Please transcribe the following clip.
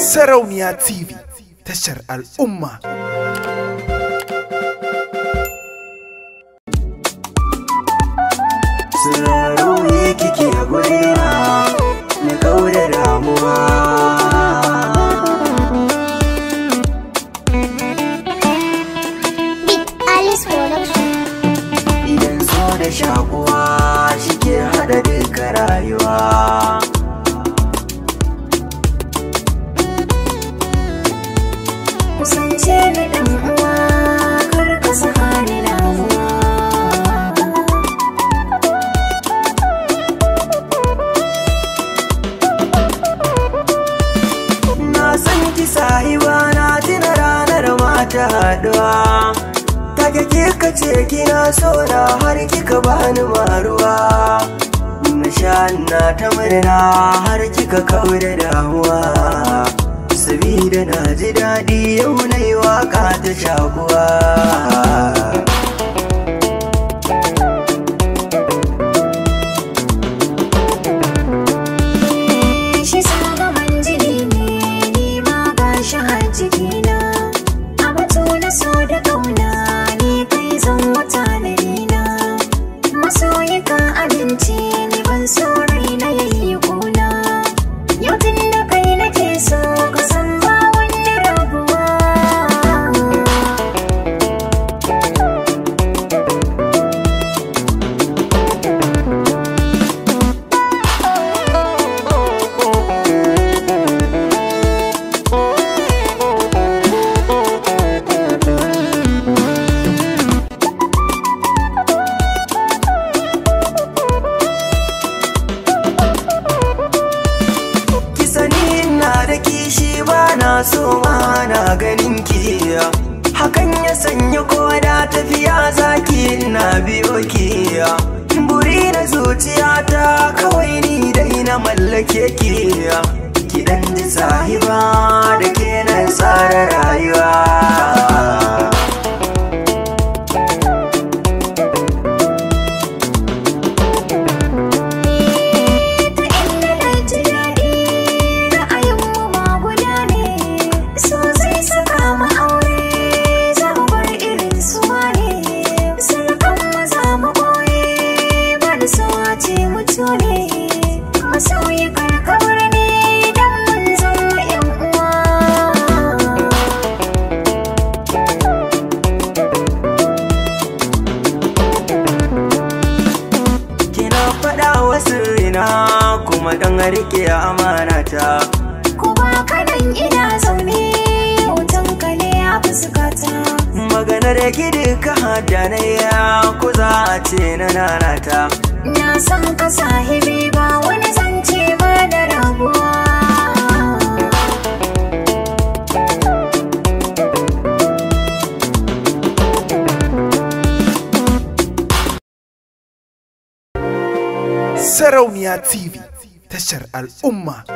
Sarauniya TV tashar al'umma. Sarauniya kiki a gurina na kaura damuwa. Idan so da shakuwa. kusance ni dan uwa kar ka saka ni damuwa na san ki sahiba na jina ranar mata haɗuwa take kika ce kina sona, har kika bani maruwa na sha na ta har kika kaure damuwa sabida na ji daɗi yau na yi waƙa ta shakuwa na so ma na ganin ki hakan ya sanya kowa da tafiya zaki na biyo ki buri na zuciyata kawai ni dai na mallake ki ki dan ji sahiba da ke na tsara rayuwa kuma dan rike amana ta ku ba kanan ina zaune hoton ka ne a fuskata maganar gidi ka hada na ya ku za a ce na nanata na san ka sahibi ba wani zance ba da rabuwa Sarauniya TV tashar al'umma.